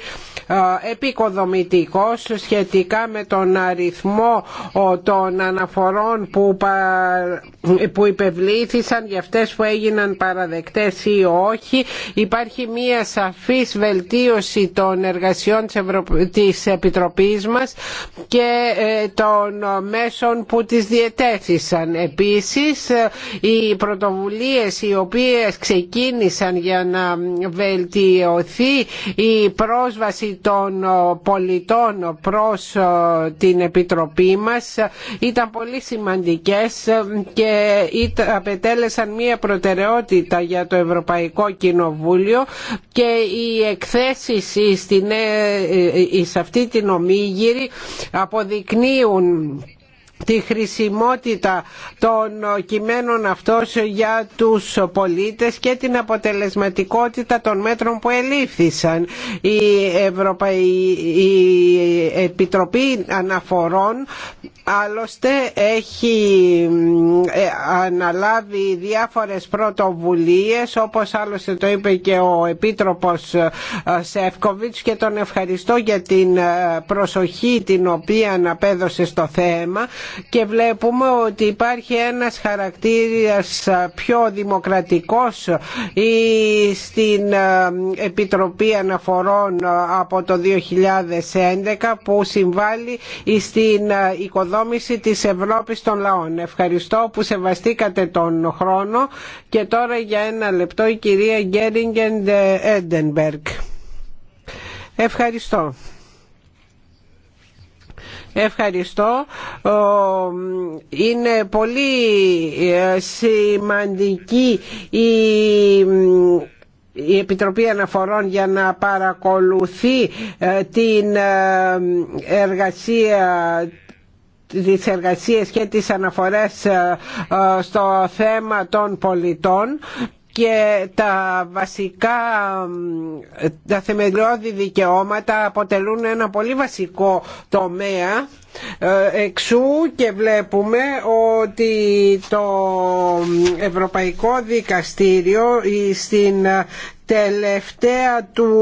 ε, επικοδομητικός σχετικά με τον αριθμό των αναφορών που, που υπευλήθησαν για αυτές που έγιναν παραδεκτές ή όχι. Υπάρχει μία σαφής βελτίωση των εργασιών της, της Επιτροπής μας και ε, των μέσων που τις διετέθησαν. Επίσης, ε, οι πρωτοβουλίες οι οποίες ξεκίνησαν για να βελτιωθεί η πρόσβαση των ε, πολιτών προς ε, την Επιτροπή μας ήταν πολύ σημαντικές ε, και απετέλεσαν μία προτεραιότητα για το Ευρωπαϊκό Κοινοβούλιο και οι εκθέσεις σε αυτή την ομίγυρη αποδεικνύουν τη χρησιμότητα των κειμένων αυτών για τους πολίτες και την αποτελεσματικότητα των μέτρων που ελήφθησαν. Η, η Επιτροπή Αναφορών άλλωστε έχει ε, αναλάβει διάφορες πρωτοβουλίες όπως άλλωστε το είπε και ο Επίτροπος ε, Σευκοβίτς και τον ευχαριστώ για την ε, προσοχή την οποία αναπέδωσε στο θέμα και βλέπουμε ότι υπάρχει ένας χαρακτήρας πιο δημοκρατικός στην ε, Επιτροπή Αναφορών ε, από το 2011 που συμβάλλει στην ε, οικοδόμηση της Ευρώπης των λαών. Ευχαριστώ που σεβαστήκατε τον χρόνο και τώρα για ένα λεπτό η κυρία Γκέριγκεν Έντενμπεργκ. Ευχαριστώ. Ευχαριστώ. Είναι πολύ ε, σημαντική η η Επιτροπή Αναφορών για να παρακολουθεί ε, την ε, εργασία τις εργασίες και τις αναφορές στο θέμα των πολιτών και τα βασικά, τα θεμελιώδη δικαιώματα αποτελούν ένα πολύ βασικό τομέα ε, εξού και βλέπουμε ότι το Ευρωπαϊκό Δικαστήριο ε, στην τελευταία του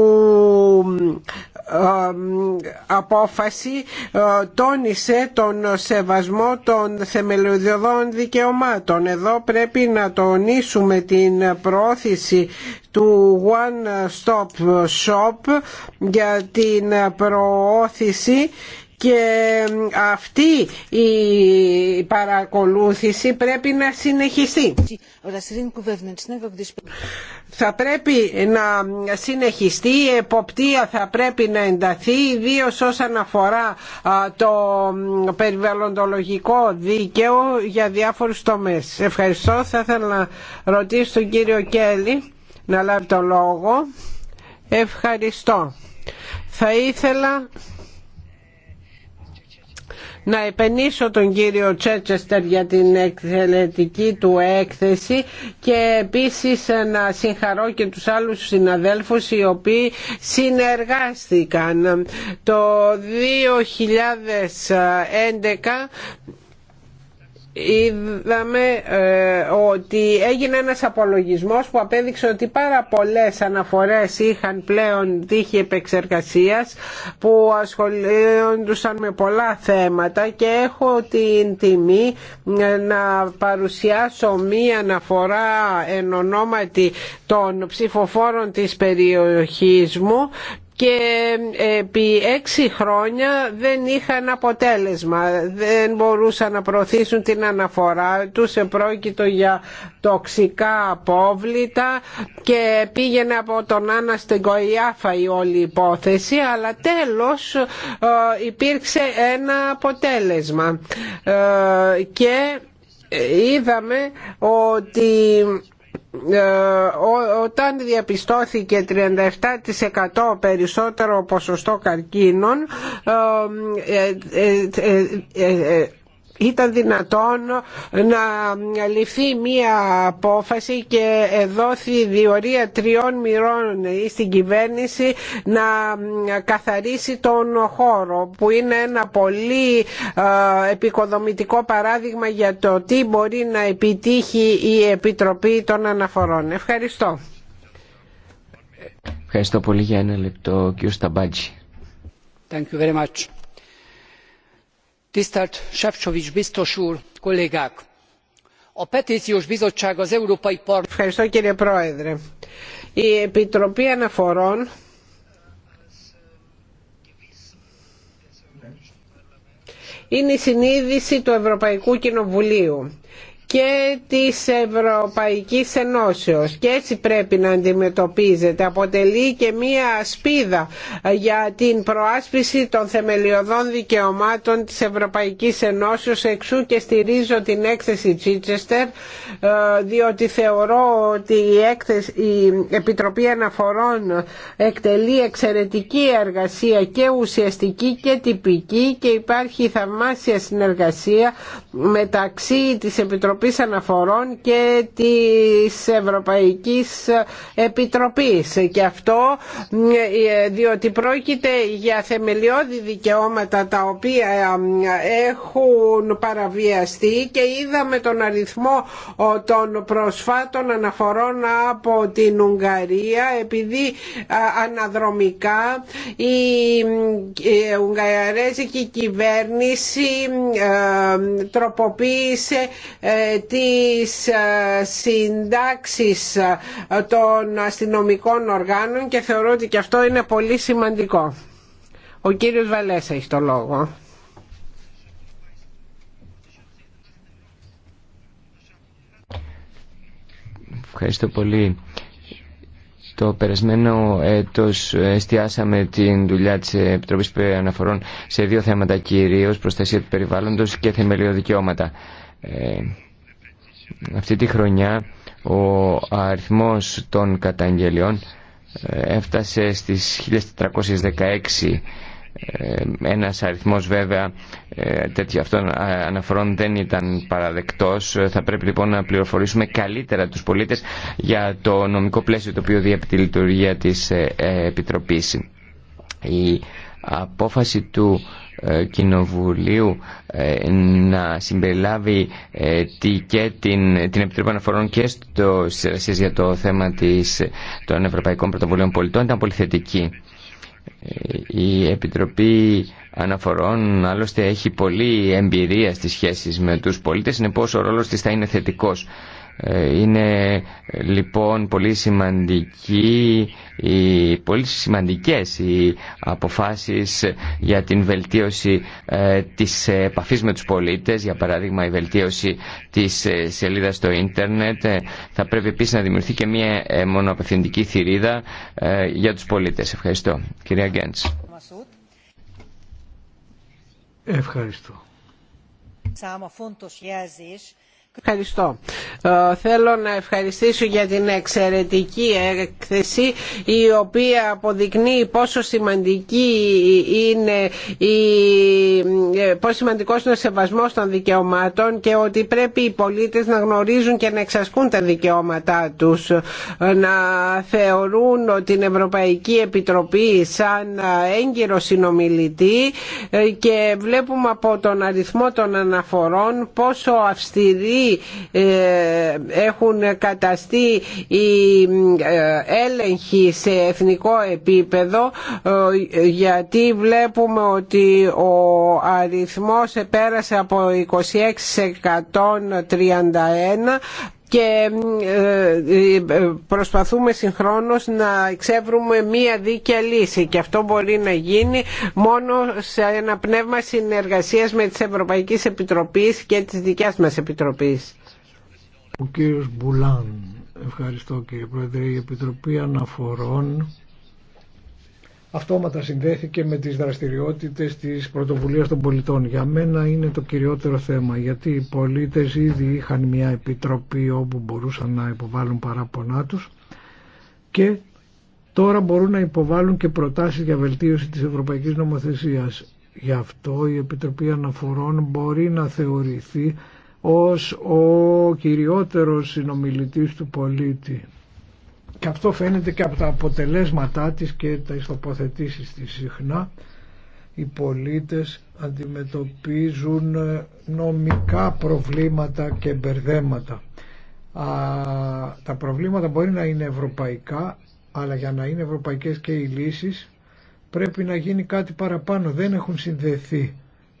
απόφαση ε, τόνισε τον σεβασμό των θεμελιωδών δικαιωμάτων. Εδώ πρέπει να τονίσουμε την πρόθεση του One Stop Shop για την προώθηση και αυτή η παρακολούθηση πρέπει να συνεχιστεί. Θα πρέπει να συνεχιστεί, η εποπτεία θα πρέπει να ενταθεί, ιδίω όσον αφορά το περιβαλλοντολογικό δίκαιο για διάφορους τομές. Ευχαριστώ. Θα ήθελα να ρωτήσω τον κύριο Κέλλη να λάβει το λόγο. Ευχαριστώ. Θα ήθελα να επενήσω τον κύριο Τσέτσεστερ για την εξαιρετική του έκθεση και επίσης να συγχαρώ και τους άλλους συναδέλφους οι οποίοι συνεργάστηκαν. Το 2011 είδαμε ε, ότι έγινε ένας απολογισμός που απέδειξε ότι πάρα πολλές αναφορές είχαν πλέον τύχη επεξεργασίας που ασχολούντουσαν με πολλά θέματα και έχω την τιμή να παρουσιάσω μία αναφορά εν ονόματι των ψηφοφόρων της περιοχής μου και ε, επί έξι χρόνια δεν είχαν αποτέλεσμα. Δεν μπορούσαν να προωθήσουν την αναφορά τους, επρόκειτο για τοξικά απόβλητα και πήγαινε από τον Άννα στην Κοϊάφα η όλη υπόθεση, αλλά τέλος ε, υπήρξε ένα αποτέλεσμα ε, και είδαμε ότι ε, όταν διαπιστώθηκε 37% περισσότερο ποσοστό καρκίνων ε, ε, ήταν δυνατόν να ληφθεί μία απόφαση και δόθη διορία τριών μοιρών στην κυβέρνηση να καθαρίσει τον χώρο που είναι ένα πολύ επικοδομητικό παράδειγμα για το τι μπορεί να επιτύχει η Επιτροπή των Αναφορών. Ευχαριστώ. Ευχαριστώ πολύ για ένα λεπτό κύριο Σταμπάτζη. Thank Ευχαριστώ κύριε Πρόεδρε. Η Επιτροπή Αναφορών είναι η συνείδηση του Ευρωπαϊκού Κοινοβουλίου και της Ευρωπαϊκής Ενώσεως και έτσι πρέπει να αντιμετωπίζεται. Αποτελεί και μία σπίδα ε, για την προάσπιση των θεμελιωδών δικαιωμάτων της Ευρωπαϊκής Ενώσεως εξού και στηρίζω την έκθεση Τσίτσεστερ διότι θεωρώ ότι η, έκθεση, η Επιτροπή Αναφορών εκτελεί εξαιρετική εργασία και ουσιαστική και τυπική και υπάρχει θαυμάσια συνεργασία μεταξύ της Επιτροπής Επιτροπής Αναφορών και της Ευρωπαϊκής Επιτροπής και αυτό διότι πρόκειται για θεμελιώδη δικαιώματα τα οποία έχουν παραβιαστεί και είδαμε τον αριθμό των προσφάτων αναφορών από την Ουγγαρία επειδή αναδρομικά η Ουγγαρέζικη κυβέρνηση ε, τροποποίησε ε, τι ε, συντάξεις ε, των αστυνομικών οργάνων και θεωρώ ότι και αυτό είναι πολύ σημαντικό. Ο κύριος Βαλέσα έχει το λόγο. Ευχαριστώ πολύ. Το περασμένο έτος εστιάσαμε την δουλειά της Επιτροπής Αναφορών σε δύο θέματα κυρίως, προστασία του περιβάλλοντος και θεμελιώδη δικαιώματα. Ε, αυτή τη χρονιά ο αριθμός των καταγγελιών ε, έφτασε στις 1416 ε, ένας αριθμός βέβαια ε, τέτοιων αυτών αναφορών δεν ήταν παραδεκτός θα πρέπει λοιπόν να πληροφορήσουμε καλύτερα τους πολίτες για το νομικό πλαίσιο το οποίο διέπει τη λειτουργία της Επιτροπής η απόφαση του ε, Κοινοβουλίου ε, να συμπεριλάβει ε, και την, την Επιτροπή Αναφορών και στο, στις για το θέμα της, των Ευρωπαϊκών Πρωτοβουλίων Πολιτών ήταν πολύ θετική. Η Επιτροπή Αναφορών άλλωστε έχει πολλή εμπειρία στις σχέσεις με τους πολίτες, είναι ο ρόλος της θα είναι θετικός. Ε, είναι λοιπόν πολύ, σημαντική, οι, πολύ σημαντικές οι αποφάσεις για την βελτίωση ε, της επαφής με τους πολίτες, για παράδειγμα η βελτίωση της ε, σελίδας στο ίντερνετ. θα πρέπει επίσης να δημιουργηθεί και μια ε, μονοαπευθυντική θηρίδα για τους πολίτες. Ευχαριστώ. Κυρία Γκέντς. Ευχαριστώ. Ευχαριστώ. Ε, θέλω να ευχαριστήσω για την εξαιρετική έκθεση η οποία αποδεικνύει πόσο σημαντική είναι η, ε, πόσο σημαντικός είναι ο σεβασμός των δικαιωμάτων και ότι πρέπει οι πολίτες να γνωρίζουν και να εξασκούν τα δικαιώματά τους ε, να θεωρούν την Ευρωπαϊκή Επιτροπή σαν έγκυρο συνομιλητή και βλέπουμε από τον αριθμό των αναφορών πόσο αυστηρή ε, έχουν καταστεί οι ε, έλεγχοι σε εθνικό επίπεδο ε, γιατί βλέπουμε ότι ο αριθμός επέρασε από 26 131 και ε, ε, προσπαθούμε συγχρόνως να εξεύρουμε μία δίκαια λύση και αυτό μπορεί να γίνει μόνο σε ένα πνεύμα συνεργασίας με τις Ευρωπαϊκές Επιτροπής και τις δικιάς μας Ο κύριος Μπουλάν, ευχαριστώ κύριε Πρόεδρε, Επιτροπή Αναφορών αυτόματα συνδέθηκε με τις δραστηριότητες της πρωτοβουλίας των πολιτών. Για μένα είναι το κυριότερο θέμα, γιατί οι πολίτες ήδη είχαν μια επιτροπή όπου μπορούσαν να υποβάλουν παράπονά τους και τώρα μπορούν να υποβάλουν και προτάσεις για βελτίωση της ευρωπαϊκής νομοθεσίας. Γι' αυτό η Επιτροπή Αναφορών μπορεί να θεωρηθεί ως ο κυριότερος συνομιλητής του πολίτη και αυτό φαίνεται και από τα αποτελέσματά της και τα ιστοποθετήσεις της συχνά οι πολίτες αντιμετωπίζουν νομικά προβλήματα και μπερδέματα. Α, τα προβλήματα μπορεί να είναι ευρωπαϊκά, αλλά για να είναι ευρωπαϊκές και οι λύσεις πρέπει να γίνει κάτι παραπάνω. Δεν έχουν συνδεθεί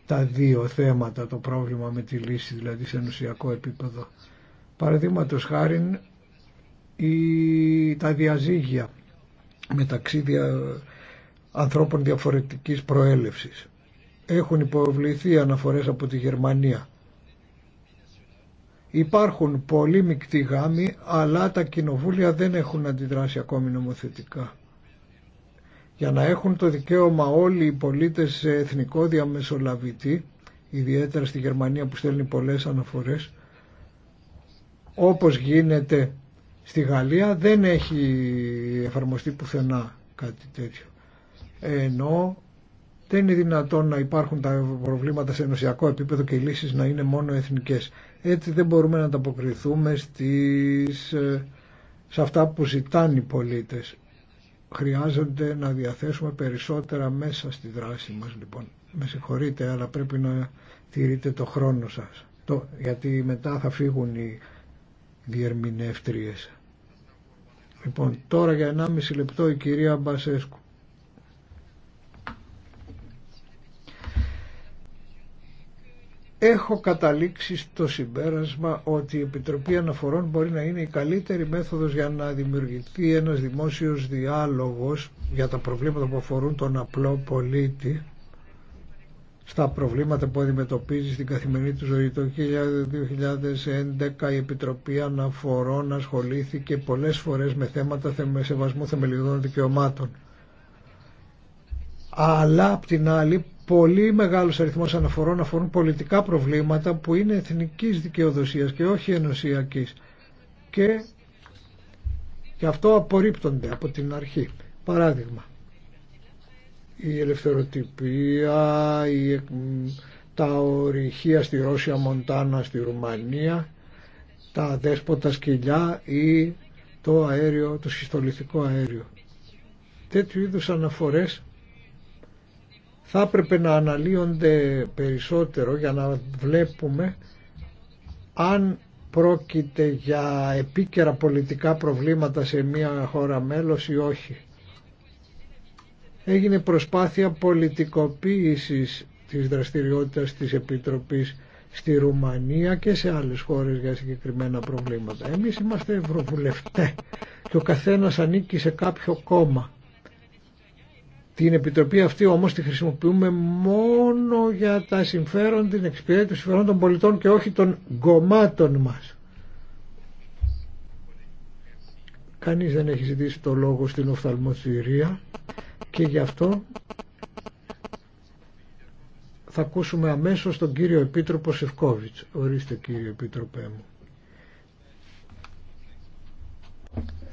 τα δύο θέματα, το πρόβλημα με τη λύση, δηλαδή σε ενουσιακό επίπεδο. Παραδείγματος χάρη ή τα διαζύγια μεταξύ δια... ανθρώπων διαφορετικής προέλευσης. Έχουν υποβληθεί αναφορές από τη Γερμανία. Υπάρχουν πολλοί μεικτοί γάμοι, αλλά τα κοινοβούλια δεν έχουν αντιδράσει ακόμη νομοθετικά. Για να έχουν το δικαίωμα όλοι οι πολίτες σε εθνικό διαμεσολαβητή, ιδιαίτερα στη Γερμανία που στέλνει πολλές αναφορές, όπως γίνεται Στη Γαλλία δεν έχει εφαρμοστεί πουθενά κάτι τέτοιο. Ενώ δεν είναι δυνατόν να υπάρχουν τα προβλήματα σε ενωσιακό επίπεδο και οι λύσεις να είναι μόνο εθνικές. Έτσι δεν μπορούμε να ανταποκριθούμε στις, ε, σε αυτά που ζητάνε οι πολίτες. Χρειάζονται να διαθέσουμε περισσότερα μέσα στη δράση μας λοιπόν. Με συγχωρείτε αλλά πρέπει να τηρείτε το χρόνο σας. Το, γιατί μετά θα φύγουν οι διερμηνεύτριες. Λοιπόν, τώρα για 1,5 λεπτό η κυρία Μπασέσκου. Έχω καταλήξει στο συμπέρασμα ότι η Επιτροπή Αναφορών μπορεί να είναι η καλύτερη μέθοδος για να δημιουργηθεί ένας δημόσιος διάλογος για τα προβλήματα που αφορούν τον απλό πολίτη στα προβλήματα που αντιμετωπίζει στην καθημερινή του ζωή. Το 2011 η Επιτροπή Αναφορών ασχολήθηκε πολλές φορές με θέματα με σεβασμού θεμελιωδών δικαιωμάτων. Αλλά απ' την άλλη πολύ μεγάλος αριθμός αναφορών αφορούν πολιτικά προβλήματα που είναι εθνικής δικαιοδοσίας και όχι ενωσιακής. Και γι' αυτό απορρίπτονται από την αρχή. Παράδειγμα, η ελευθεροτυπία, η, τα ορυχεία στη Ρώσια Μοντάνα στη Ρουμανία, τα δέσποτα σκυλιά ή το αέριο, το συστολιστικό αέριο. Τέτοιου είδους αναφορές θα έπρεπε να αναλύονται περισσότερο για να βλέπουμε αν πρόκειται για επίκαιρα πολιτικά προβλήματα σε μια χώρα μέλος ή όχι έγινε προσπάθεια πολιτικοποίησης της δραστηριότητας της Επιτροπής στη Ρουμανία και σε άλλες χώρες για συγκεκριμένα προβλήματα. Εμείς είμαστε ευρωβουλευτέ και ο καθένας ανήκει σε κάποιο κόμμα. Την Επιτροπή αυτή όμως τη χρησιμοποιούμε μόνο για τα συμφέρον, την εξυπηρέτηση των πολιτών και όχι των κομμάτων μας. Κανείς δεν έχει ζητήσει το λόγο στην οφθαλμοθυρία και γι' αυτό θα ακούσουμε αμέσως τον κύριο Επίτροπο Σευκόβιτς. Ορίστε κύριο Επίτροπέ μου.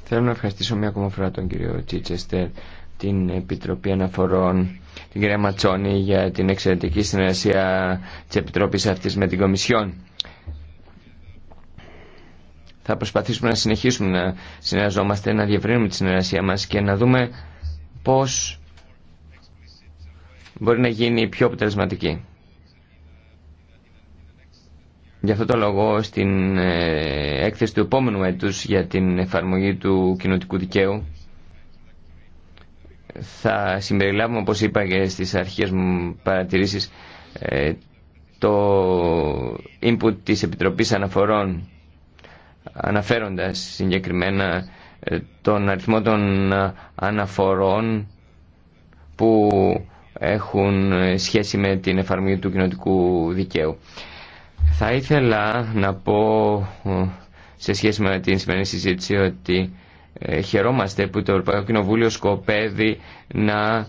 Θέλω να ευχαριστήσω μια ακόμα φορά τον κύριο Τσίτσεστερ, την Επιτροπή Αναφορών, την κυρία Ματσόνη για την εξαιρετική συνεργασία της Επιτροπής αυτής με την Κομισιόν θα προσπαθήσουμε να συνεχίσουμε να συνεργαζόμαστε, να διευρύνουμε τη συνεργασία μας και να δούμε πώς μπορεί να γίνει πιο αποτελεσματική. Γι' αυτό το λόγο στην ε, έκθεση του επόμενου έτους για την εφαρμογή του κοινοτικού δικαίου θα συμπεριλάβουμε όπως είπα και στις αρχές μου παρατηρήσεις ε, το input της Επιτροπής Αναφορών αναφέροντας συγκεκριμένα ε, τον αριθμό των ε, αναφορών που έχουν ε, σχέση με την εφαρμογή του κοινωτικού δικαίου. Θα ήθελα να πω σε σχέση με την σημερινή συζήτηση ότι χαιρόμαστε που το Ευρωπαϊκό Κοινοβούλιο σκοπεύει να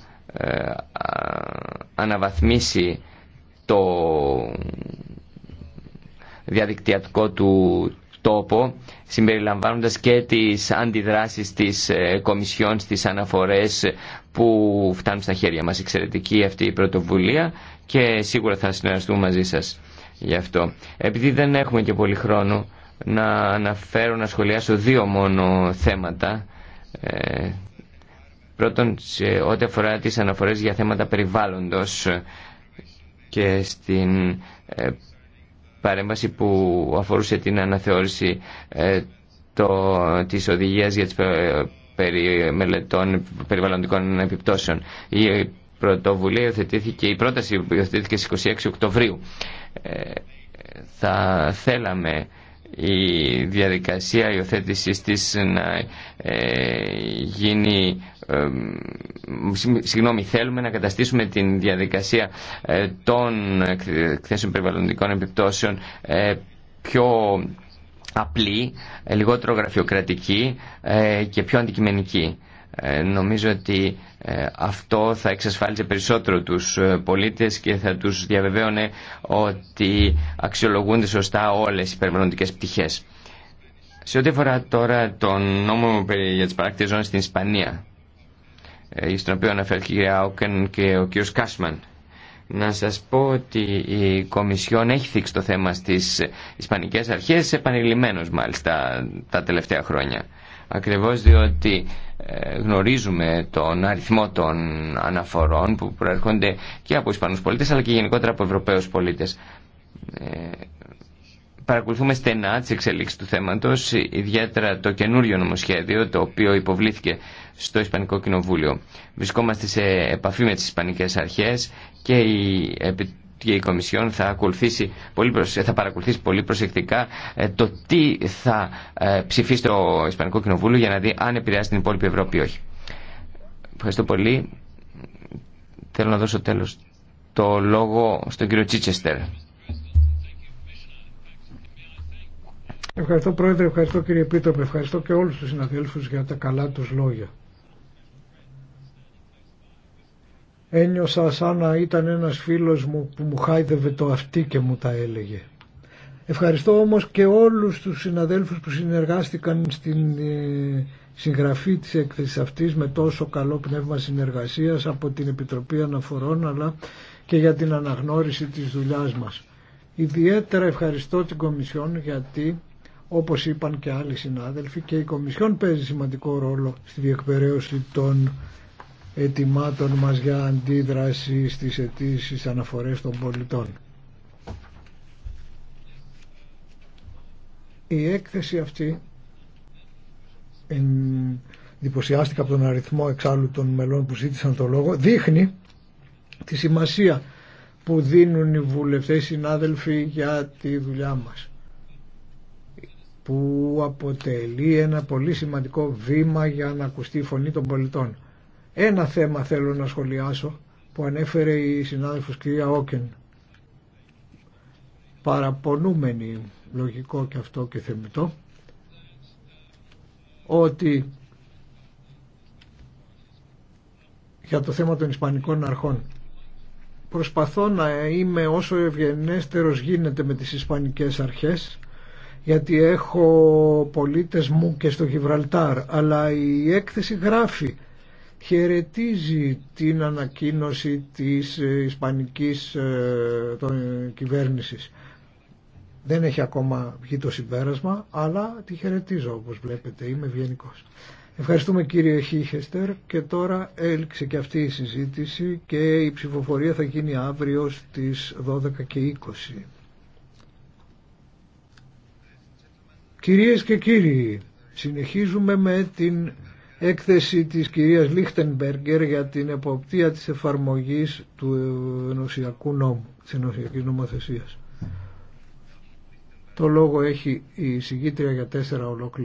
αναβαθμίσει το διαδικτυατικό του τόπο συμπεριλαμβάνοντας και τις αντιδράσεις της ε, Κομισιόν στις αναφορές που φτάνουν στα χέρια μας. Εξαιρετική αυτή η πρωτοβουλία και σίγουρα θα συνεργαστούμε μαζί σας γι' αυτό. Επειδή δεν έχουμε και πολύ χρόνο να αναφέρω, να σχολιάσω δύο μόνο θέματα. Ε, πρώτον, σε ό,τι αφορά τις αναφορές για θέματα περιβάλλοντος και στην ε, παρέμβαση που αφορούσε την αναθεώρηση ε, το, της οδηγίας για τις ε, μελετών περιβαλλοντικών επιπτώσεων. Η πρωτοβουλία υιοθετήθηκε, η πρόταση υιοθετήθηκε στις 26 Οκτωβρίου. Ε, θα θέλαμε η διαδικασία υιοθέτηση τη να ε, γίνει. Ε, συγγνώμη, θέλουμε να καταστήσουμε την διαδικασία ε, των εκθέσεων περιβαλλοντικών επιπτώσεων πιο απλή, λιγότερο γραφειοκρατική και πιο αντικειμενική. Ε, νομίζω ότι ε, αυτό θα εξασφάλιζε περισσότερο τους ε, πολίτες και θα τους διαβεβαίωνε ότι αξιολογούνται σωστά όλες οι περιβαλλοντικές πτυχές. Σε ό,τι αφορά τώρα τον νόμο για τις παράκτητες ζώνες στην Ισπανία, στον οποίο αναφέρθηκε η κυρία Άουκεν και ο κύριος Κάσμαν, να σας πω ότι η Κομισιόν έχει θίξει το θέμα στις Ισπανικές Αρχές, επανειλημμένως μάλιστα τα τελευταία χρόνια ακριβώς διότι ε, γνωρίζουμε τον αριθμό των αναφορών που προέρχονται και από Ισπανούς πολίτες αλλά και γενικότερα από Ευρωπαίους πολίτες. Ε, παρακολουθούμε στενά τις εξελίξεις του θέματος, ιδιαίτερα το καινούριο νομοσχέδιο το οποίο υποβλήθηκε στο Ισπανικό Κοινοβούλιο. Βρισκόμαστε σε επαφή με τις Ισπανικές Αρχές και η και η Κομισιόν θα, ακολουθήσει πολύ θα παρακολουθήσει πολύ προσεκτικά ε, το τι θα ε, ψηφίσει το Ισπανικό Κοινοβούλιο για να δει αν επηρεάζει την υπόλοιπη Ευρώπη ή όχι. Ευχαριστώ πολύ. Θέλω να δώσω τέλος το λόγο στον κύριο Τσίτσεστερ. Ευχαριστώ Πρόεδρε, ευχαριστώ κύριε Επίτροπε, ευχαριστώ και όλους τους συναδέλφους για τα καλά τους λόγια. ένιωσα σαν να ήταν ένας φίλος μου που μου χάιδευε το αυτί και μου τα έλεγε. Ευχαριστώ όμως και όλους τους συναδέλφους που συνεργάστηκαν στην ε, συγγραφή της έκθεσης αυτής με τόσο καλό πνεύμα συνεργασίας από την Επιτροπή Αναφορών αλλά και για την αναγνώριση της δουλειάς μας. Ιδιαίτερα ευχαριστώ την Κομισιόν γιατί όπως είπαν και άλλοι συνάδελφοι και η Κομισιόν παίζει σημαντικό ρόλο στη διεκπαιρέωση των ετοιμάτων μας για αντίδραση στις αιτήσει αναφορές των πολιτών. Η έκθεση αυτή εντυπωσιάστηκα από τον αριθμό εξάλλου των μελών που ζήτησαν το λόγο δείχνει τη σημασία που δίνουν οι βουλευτές οι συνάδελφοι για τη δουλειά μας που αποτελεί ένα πολύ σημαντικό βήμα για να ακουστεί η φωνή των πολιτών. Ένα θέμα θέλω να σχολιάσω που ανέφερε η συνάδελφος κυρία Όκεν. Παραπονούμενη, λογικό και αυτό και θεμητό, ότι για το θέμα των Ισπανικών αρχών προσπαθώ να είμαι όσο ευγενέστερος γίνεται με τις Ισπανικές αρχές γιατί έχω πολίτες μου και στο Γιβραλτάρ αλλά η έκθεση γράφει χαιρετίζει την ανακοίνωση της ε, ισπανικής ε, των, κυβέρνησης. Δεν έχει ακόμα βγει το συμπέρασμα, αλλά τη χαιρετίζω όπως βλέπετε, είμαι Βιενικός. Ευχαριστούμε κύριε Χίχεστερ και τώρα έλξε και αυτή η συζήτηση και η ψηφοφορία θα γίνει αύριο στις 12 και 20. Κυρίες και κύριοι, συνεχίζουμε με την έκθεση της κυρίας Λίχτενμπεργκερ για την εποπτεία της εφαρμογής του ενωσιακού νόμου, της ενωσιακής νομοθεσίας. Το λόγο έχει η συγκήτρια για τέσσερα ολόκληρα.